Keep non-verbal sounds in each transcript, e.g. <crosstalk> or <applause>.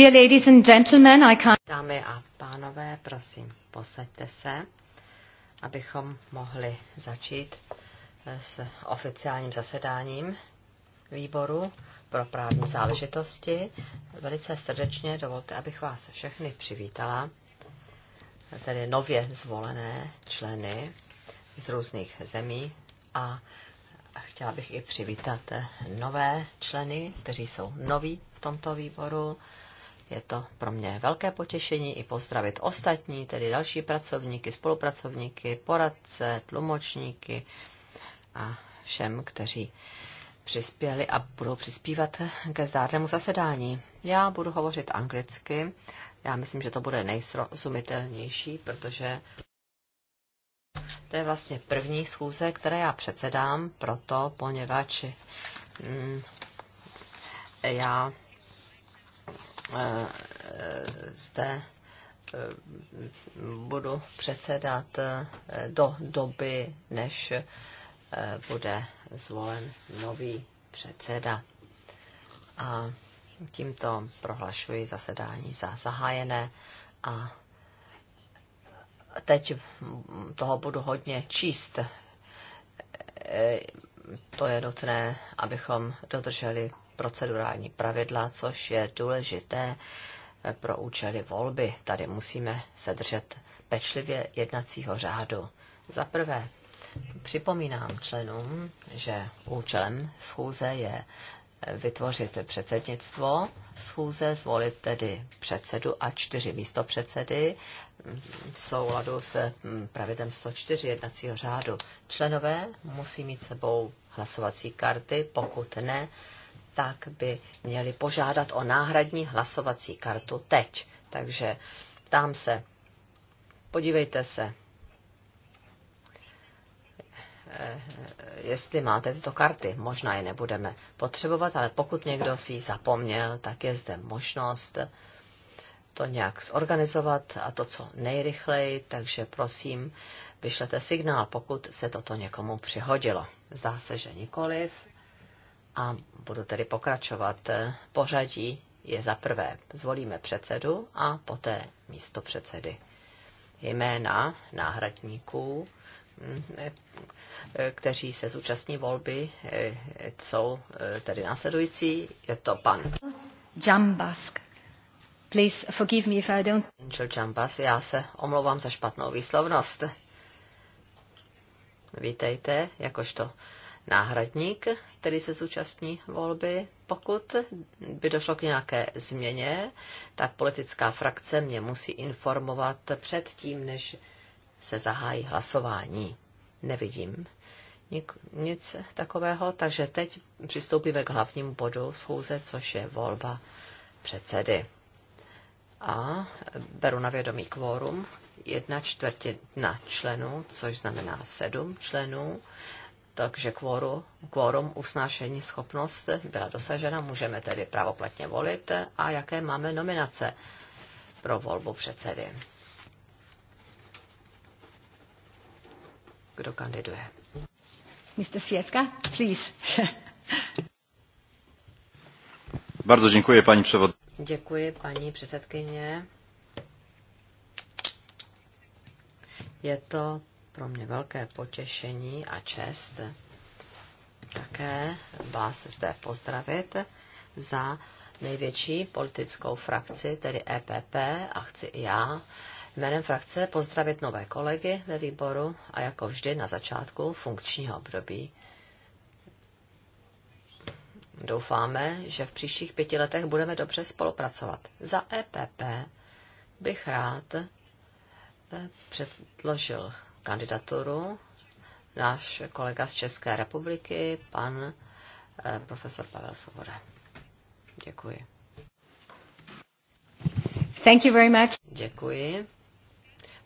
Dear ladies and gentlemen, I can't... Dámy a pánové, prosím, posaďte se, abychom mohli začít eh, s oficiálním zasedáním výboru pro právní záležitosti. Velice srdečně dovolte, abych vás všechny přivítala, tedy nově zvolené členy z různých zemí a chtěla bych i přivítat eh, nové členy, kteří jsou noví v tomto výboru je to pro mě velké potěšení i pozdravit ostatní, tedy další pracovníky, spolupracovníky, poradce, tlumočníky a všem, kteří přispěli a budou přispívat ke zdárnému zasedání. Já budu hovořit anglicky. Já myslím, že to bude nejsrozumitelnější, protože to je vlastně první schůze, které já předsedám, proto poněvadž mm, já E, zde e, budu předsedat e, do doby, než bude zvolen nový předseda. A tímto prohlašuji zasedání za zahájené a teď toho budu hodně číst. To je nutné, abychom dodrželi procedurální pravidla, což je důležité eh, pro účely volby. Tady musíme se držet pečlivě jednacího řádu. Za prvé, připomínám členům, že účelem schůze je eh, vytvořit předsednictvo schůze, zvolit tedy předsedu a čtyři místopředsedy v souladu se hm, pravidlem 104 jednacího řádu. Členové musí mít sebou hlasovací karty, pokud ne, tak by měli požádat o náhradní hlasovací kartu teď. Takže ptám se, podívejte se, eh, jestli máte tyto karty. Možná je nebudeme potřebovat, ale pokud někdo si ji zapomněl, tak je zde možnost to nějak zorganizovat a to co nejrychleji, takže prosím, vyšlete signál, pokud se toto někomu přihodilo. Zdá se, že nikoliv a budu tedy pokračovat. Pořadí je za prvé zvolíme předsedu a poté místo předsedy. Jména náhradníků, mm, kteří se zúčastní volby, eh, jsou eh, tedy následující. Je to pan Jambask. Please forgive me if I don't... Angel Jambas, já se omlouvám za špatnou výslovnost. Vítejte, jakožto náhradník, který se zúčastní volby. Pokud by došlo k nějaké změně, tak politická frakce mě musí informovat před tím, než se zahájí hlasování. Nevidím nic takového, takže teď přistoupíme k hlavnímu bodu schůze, což je volba předsedy. A beru na vědomí kvórum jedna čtvrtina členů, což znamená sedm členů takže kvoru, kvorum usnášení schopnost byla dosažena, můžeme tedy pravoplatně volit a jaké máme nominace pro volbu předsedy. Kdo kandiduje? Mr. Světka, please. <laughs> Bardzo děkuji, paní převod. Děkuji paní předsedkyně. Je to pro mě velké potěšení a čest také vás zde pozdravit za největší politickou frakci, tedy EPP, a chci i já jménem frakce pozdravit nové kolegy ve výboru a jako vždy na začátku funkčního období. Doufáme, že v příštích pěti letech budeme dobře spolupracovat. Za EPP bych rád eh, předložil kandidaturu náš kolega z České republiky, pan eh, profesor Pavel Svoboda. Děkuji. Thank you very much. Děkuji,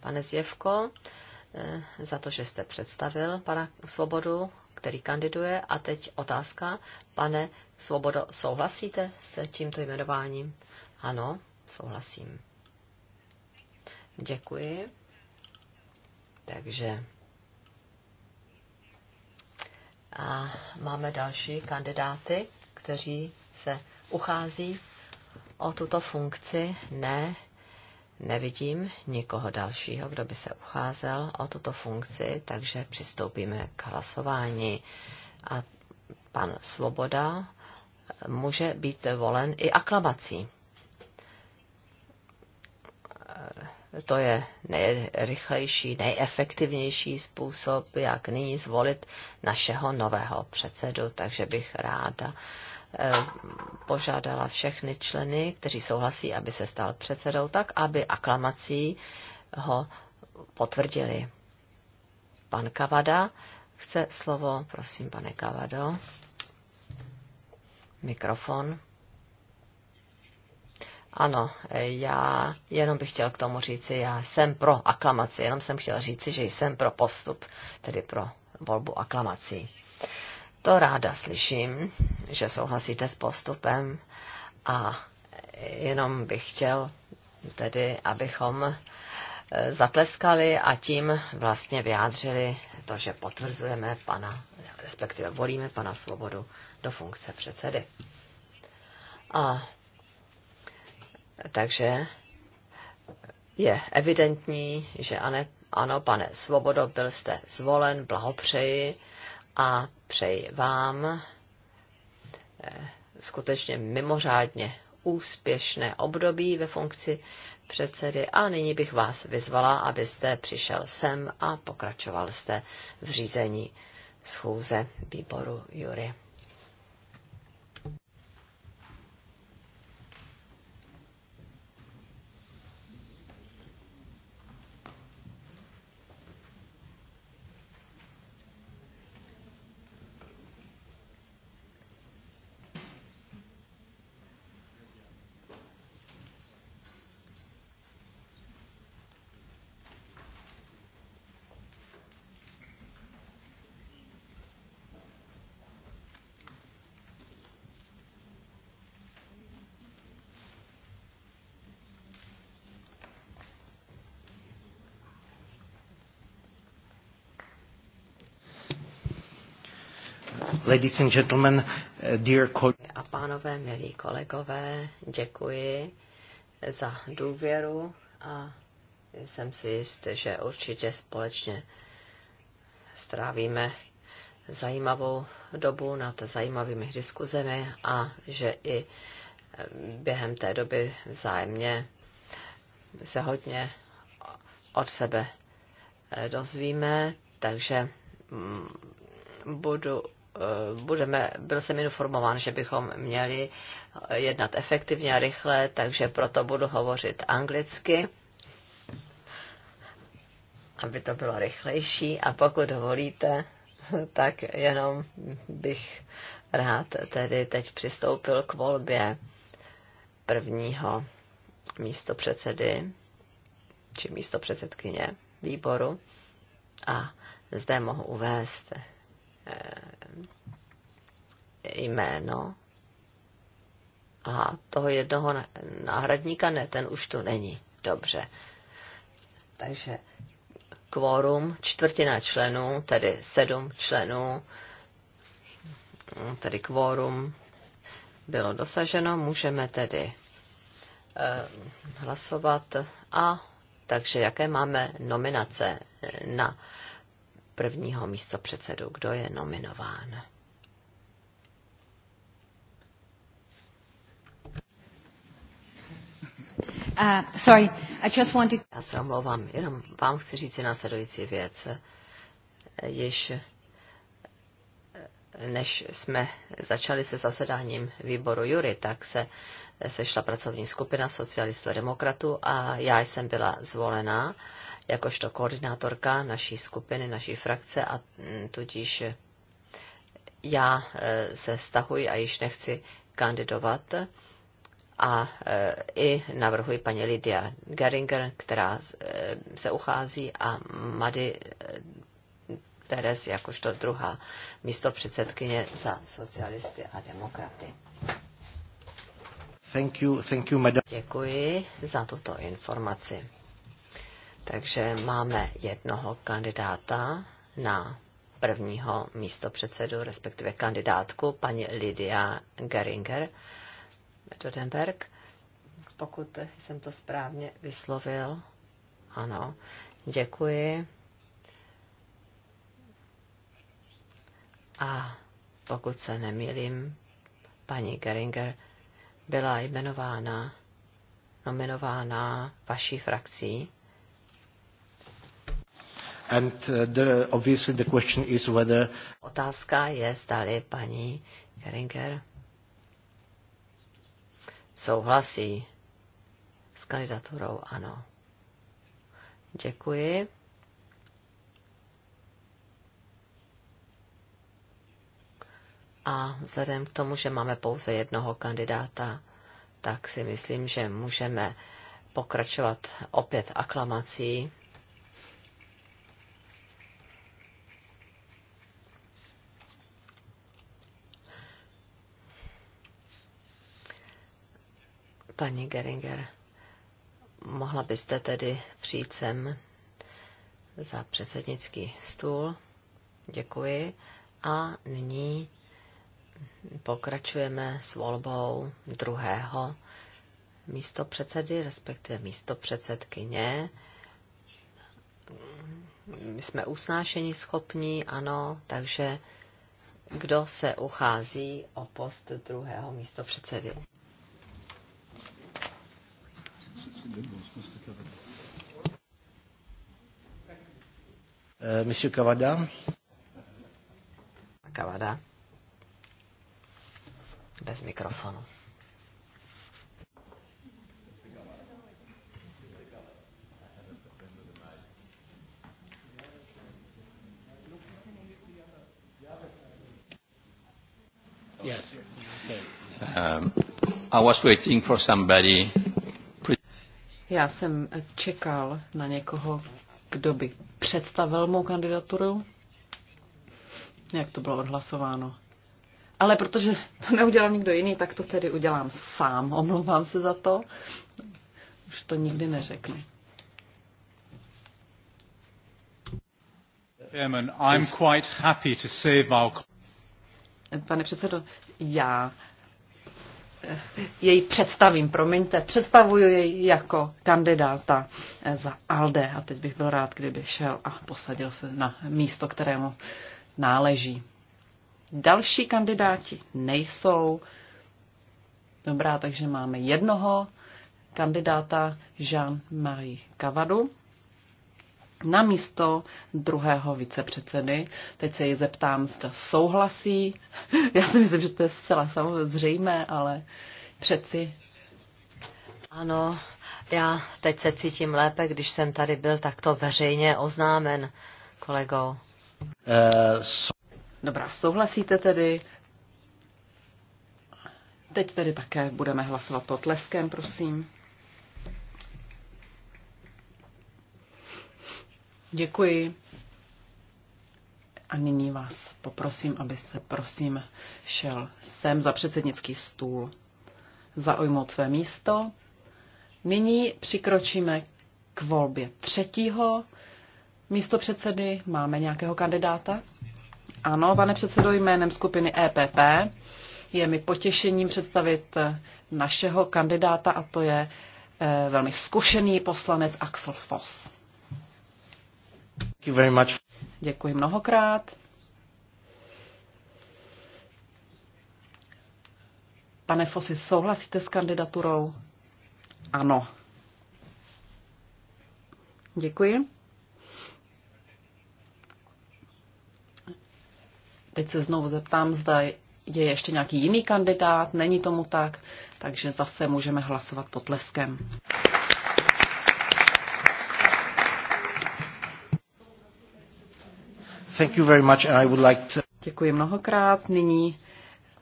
pane Zjevko, eh, za to, že jste představil pana Svobodu, který kandiduje. A teď otázka. Pane Svobodo, souhlasíte s tímto jmenováním? Ano, souhlasím. Děkuji. Takže a máme další kandidáty, kteří se uchází o tuto funkci. Ne, nevidím nikoho dalšího, kdo by se ucházel o tuto funkci, takže přistoupíme k hlasování. A pan Svoboda může být volen i aklamací. to je nejrychlejší, nejefektivnější způsob, jak nyní zvolit našeho nového předsedu. Takže bych ráda eh, požádala všechny členy, kteří souhlasí, aby se stal předsedou, tak aby aklamací ho potvrdili. Pan Kavada chce slovo, prosím, pane Kavado. Mikrofon. Ano, e, já jenom bych chtěl k tomu říci, já jsem pro aklamaci, jenom jsem chtěl říci, že jsem pro postup, tedy pro volbu aklamací. To ráda slyším, že souhlasíte s postupem a jenom bych chtěl tedy, abychom e, zatleskali a tím vlastně vyjádřili to, že potvrzujeme pana, respektive volíme pana Svobodu do funkce předsedy. A takže je evidentní, že ane, ano, pane Svobodo, byl jste zvolen, blahopřeji a přeji vám eh, skutečně mimořádně úspěšné období ve funkci předsedy a nyní bych vás vyzvala, abyste přišel sem a pokračoval jste v řízení schůze výboru Jury. Ladies and gentlemen, uh, dear A pánové, milí kolegové, děkuji za důvěru a jsem si jist, že určitě společně strávíme zajímavou dobu nad zajímavými diskuzemi a že i eh, během té doby vzájemně se hodně od sebe eh, dozvíme, takže mm, budu Eh, budeme, byl jsem informován, že bychom měli jednat efektivně a rychle, takže proto budu hovořit anglicky, aby to bylo rychlejší. A pokud dovolíte, tak jenom bych rád tedy teď přistoupil k volbě prvního místo předsedy či místo předsedkyně výboru. A zde mohu uvést eh, jméno. Aha, toho jednoho náhradníka ne, ten už tu není. Dobře. Takže kvórum, čtvrtina členů, tedy sedm členů, mm, tedy kvórum bylo dosaženo, můžeme tedy eh, hlasovat. A takže jaké máme nominace na prvního místo předsedu? Kdo je nominován? Uh, sorry, I just wanted... Já se omlouvám, jenom vám chci říct následující věc. Již než jsme začali se zasedáním výboru Jury, tak se sešla pracovní skupina socialistů a demokratů a já jsem byla zvolená jakožto koordinátorka naší skupiny, naší frakce a mm, tudíž já e, se stahuji a již nechci kandidovat a e, i navrhuji paní Lidia Geringer, která e, se uchází a Mady e, Perez jakožto druhá místo předsedkyně za socialisty a demokraty. Thank you, thank you, madam. Děkuji za tuto informaci. Takže máme jednoho kandidáta na prvního místo předsedu, respektive kandidátku, paní Lidia Geringer. Dodenberg, pokud jsem to správně vyslovil. Ano, děkuji. A pokud se nemýlím, paní Geringer byla jmenována, nominována vaší frakcí. And uh, the, obviously the question is whether... Otázka je, zdali paní Geringer souhlasí s kandidaturou, ano. Děkuji. A vzhledem k tomu, že máme pouze jednoho kandidáta, tak si myslím, že můžeme pokračovat opět aklamací. Paní Geringer, mohla byste tedy přijít sem za předsednický stůl? Děkuji. A nyní pokračujeme s volbou druhého místo předsedy, respektive místo předsedkyně. My jsme usnášení schopní, ano, takže kdo se uchází o post druhého místo předsedy? Eh, monsieur Kavada. Kavada. Bez mikrofonu. Yes. Um, I was waiting for somebody já jsem čekal na někoho, kdo by představil mou kandidaturu. Jak to bylo odhlasováno. Ale protože to neudělal nikdo jiný, tak to tedy udělám sám. Omlouvám se za to. Už to nikdy neřeknu. Pane předsedo, já její představím, promiňte, představuji jej jako kandidáta eh, za ALDE a teď bych byl rád, kdyby šel a posadil se na místo, kterému náleží. Další kandidáti nejsou. Dobrá, takže máme jednoho kandidáta Jean-Marie Cavadu na místo druhého vicepředsedy. Teď se ji zeptám, zda souhlasí. <laughs> Já si myslím, že to je zcela samozřejmé, ale přeci. Ano, já teď se cítím lépe, když jsem tady byl takto veřejně oznámen kolegou. E, so... Dobrá, souhlasíte tedy? Teď tedy také budeme hlasovat pod prosím. Děkuji. A nyní vás poprosím, abyste prosím šel sem za předsednický stůl zaujmout své místo. Nyní přikročíme k volbě třetího místo předsedy. Máme nějakého kandidáta? Ano, pane předsedo, jménem skupiny EPP je mi potěšením představit našeho kandidáta a to je eh, velmi zkušený poslanec Axel Foss. Děkuji mnohokrát. Pane Fosy, souhlasíte s kandidaturou? Ano. Děkuji. Teď se znovu zeptám, zda je ještě nějaký jiný kandidát. Není tomu tak, takže zase můžeme hlasovat potleskem. Thank you very much and I would like to... Děkuji mnohokrát. Nyní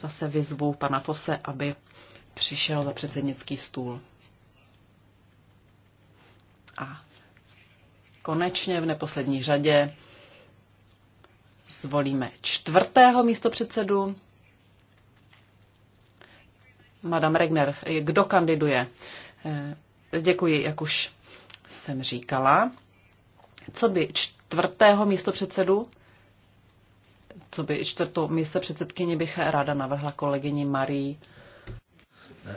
zase vyzvu pana Fose, aby přišel za předsednický stůl. A konečně v neposlední řadě zvolíme čtvrtého místopředsedu. Madam Regner, kdo kandiduje? Eh, děkuji, jak už jsem říkala. Co by čt čtvrtého místopředsedu, co by čtvrtou místo předsedkyni bych ráda navrhla kolegyni Marie. Uh,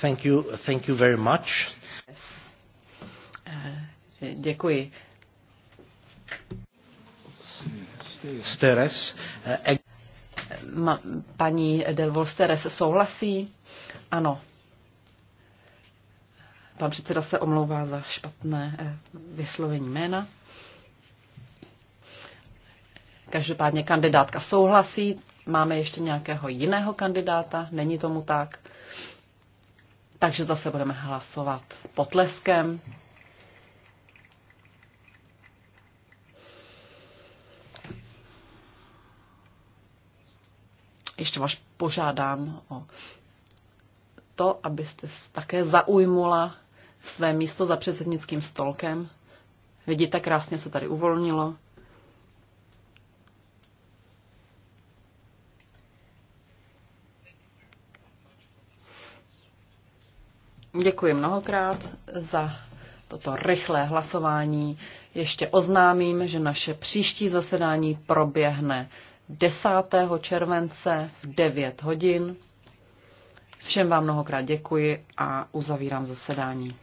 thank you, thank you very much. Yes. Eh, děkuji. Steres. Eh, Ma, paní Delvol Steres souhlasí? Ano. Pan předseda se omlouvá za špatné eh, vyslovení jména. Každopádně kandidátka souhlasí. Máme ještě nějakého jiného kandidáta? Není tomu tak. Takže zase budeme hlasovat potleskem. Ještě vás požádám o to, abyste také zaujmula své místo za předsednickým stolkem. Vidíte, krásně se tady uvolnilo. Děkuji mnohokrát za toto rychlé hlasování. Ještě oznámím, že naše příští zasedání proběhne 10. července v 9 hodin. Všem vám mnohokrát děkuji a uzavírám zasedání.